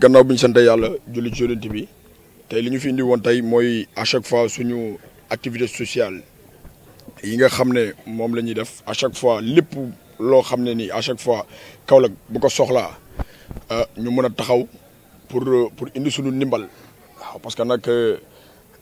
gannaaw bi ñu sant yàlla julli ci yonent bi tey li ñu fi indi woon tey mooy à chaque fois suñu activité sociale yi nga xam ne moom la ñuy def à chaque fois lépp loo xam ne ni à chaque fois Kaolack bu ko soxlaa euh, ñu mën a taxaw pour euh, pour indi suñu ndimbal waaw parce que nag. Euh,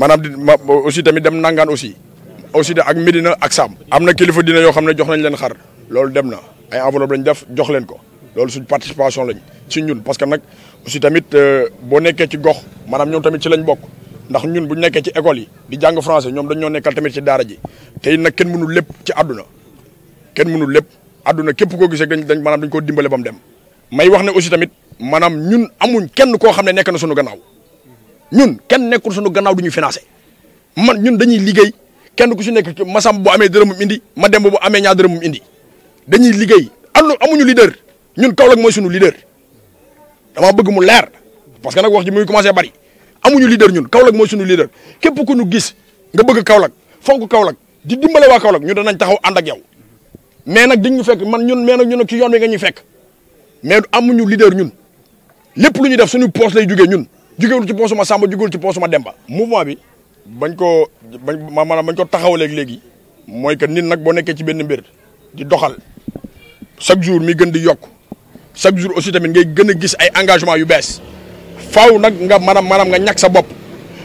manam aussi tamit dem nangan aussi aussi ak Medina ak Sam amna kilifa dina yo xamne jox nañ len xar lolou dem na ay enveloppe lañ def jox len ko lolou suñu participation lañ ci ñun parce que nak aussi tamit euh, bo nekké ci gox manam ñoom tamit ci lañ bok ndax ñun bu nekké ci école yi di jang français ñoom dañoo nekkal tamit ci daara ji tay nak kenn mënu lepp ci aduna kenn mënu lepp aduna képp ko gisé dañ manam dañ ko dimbale bam dem may wax né aussi tamit manam ñun amuñ kenn ko xamné nekk na suñu gannaaw ñun kenn nekkul suñu gannaaw du ñu financé man ñun dañuy liggéey kenn ku si nekk masam bu amee dërëmum indi ma dem bu amee ñaar dërëmum indi dañuy liggéey allo amuñu leader ñun Kaolack mooy sunu leader dama bëgg mu leer parce que nag wax ji muy commencé bari amuñu leader ñun Kaolack mooy suñu leader képp ku ñu gis nga bëgg Kaolack fonk Kaolack di dimbale waa Kaolack ñu danañ taxaw ànd ak yow mais nag diñ ñu fekk man ñun mais nag ñun ci yoon wi nga ñuy fekk mais amuñu leader ñun lépp lu ñuy def suñu poste lay jugee ñun. jugewul ci posuma Samba jugewul ci posuma Demba mouvement bi bañ ko bañ maanaam bañ ko taxaw léegi léegi moy que nit nak bo nekkee ci benn mbir di doxal chaque jour mi gën di yok chaque jour aussi tamit ngay gëna gis ay engagement yu bess faaw nag nga manam manam nga ñak sa bop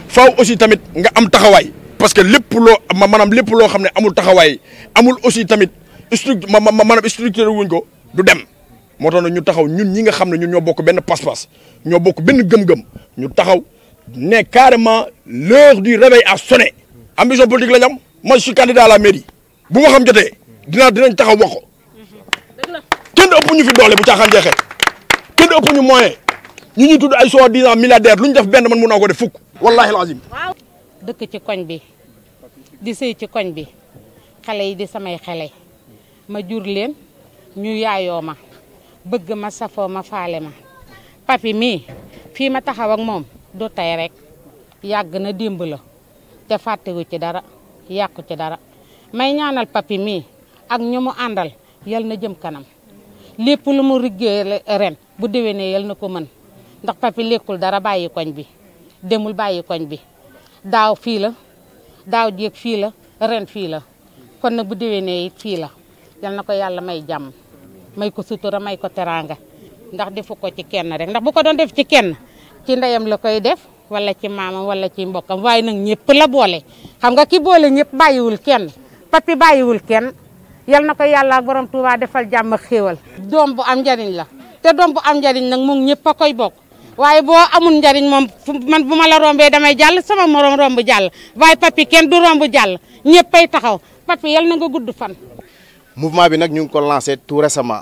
faaw aussi tamit nga am taxaway parce que lepp lo manam lepp lo amul taxaway amul aussi tamit structure manam structure wuñ ko du dem moo tax na ñu taxaw ñun ñi nga xam ne ñun ñoo bokk benn pas-pas ñoo bokk benn gëm-gëm ñu taxaw ne carrément l' heure du réveil à sonné ambition politique la ñu am man suis candidat à la mairie bu ma xam jotee dinaa dinañ taxaw wax ko kenn ëpp ñu fi doole bu caaxaan jeexee kenn ëpp ñu moyen ñu ñuy tudd ay soi-disant milliardaire lu ñu def benn man mun naa ko def fukk wallahi alazim dëkk ci koñ bi di sëy ci koñ bi xale yi di samay xale ma jur leen ñu yaayoo ma bëgg ma safoo ma faale ma papi mii fii ma taxaw ak moom du tey rek yàgg na démb la te fàttewu ci dara yàqu ci dara may ñaanal papi mii ak ñu mu àndal yal na jëm kanam lépp lu mu riggee ren bu déwénee yal na ko mën ndax papi lekkul dara bàyyi koñ bi demul bàyyi koñ bi daaw fii la daaw jéeg fii la ren fii la kon nag bu déwénee it fii la yal na ko yàlla may jàmm may ko sutura may ko teraanga ndax defu ko ci kenn rek ndax bu ko doon def ci kenn ci ndeyam la koy def wala ci maamam wala ci mbokkam waaye nag ñëpp la boole xam nga ki boole ñëpp bàyyiwul kenn papi bàyyiwul kenn yal na ko yàlla borom Tuuba defal jàmm ak xéewal doom bu am njariñ la te doom bu am njariñ nag moom ñëpp a koy bok waaye boo amul njariñ moom man bu ma la rombee damay jàll sama morom bu jàll waaye papi kenn du romb jàll ñëppay taxaw papi yal na nga gudd fan mouvement bi nak ñu lancé tout récemment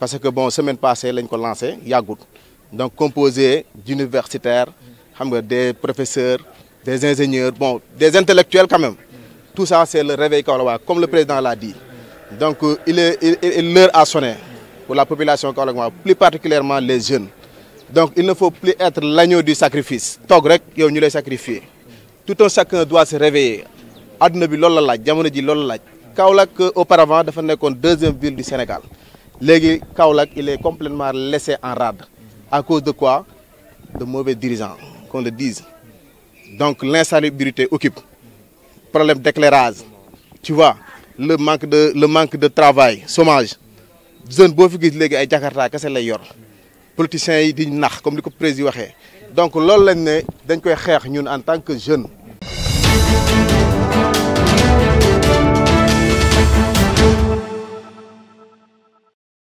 parce que bon semaine passée nous ko lancé yagout donc composé d'universitaires des professeurs des ingénieurs bon des intellectuels quand même tout ça c'est le réveil comme le président l'a dit donc euh, il est l'heure a sonner pour la population plus particulièrement les jeunes donc il ne faut plus être l'agneau du sacrifice tok rek yow ñu lay sacrifier tout un chacun doit se réveiller bi la Kaolak auparavant défendait la deuxième ville du Sénégal Kaolak il est complètement laissé en rade à cause de quoi de mauvais dirigeants qu'on le dise donc l'insalubrité occupe problème d'éclairage tu vois le manque de le manque de travail chômage jeune boo fi gis légui ay jakarta kese lay yor politiciens yi di nax comme li président donc l'on lañ ne dañ koy en tant que jeunes.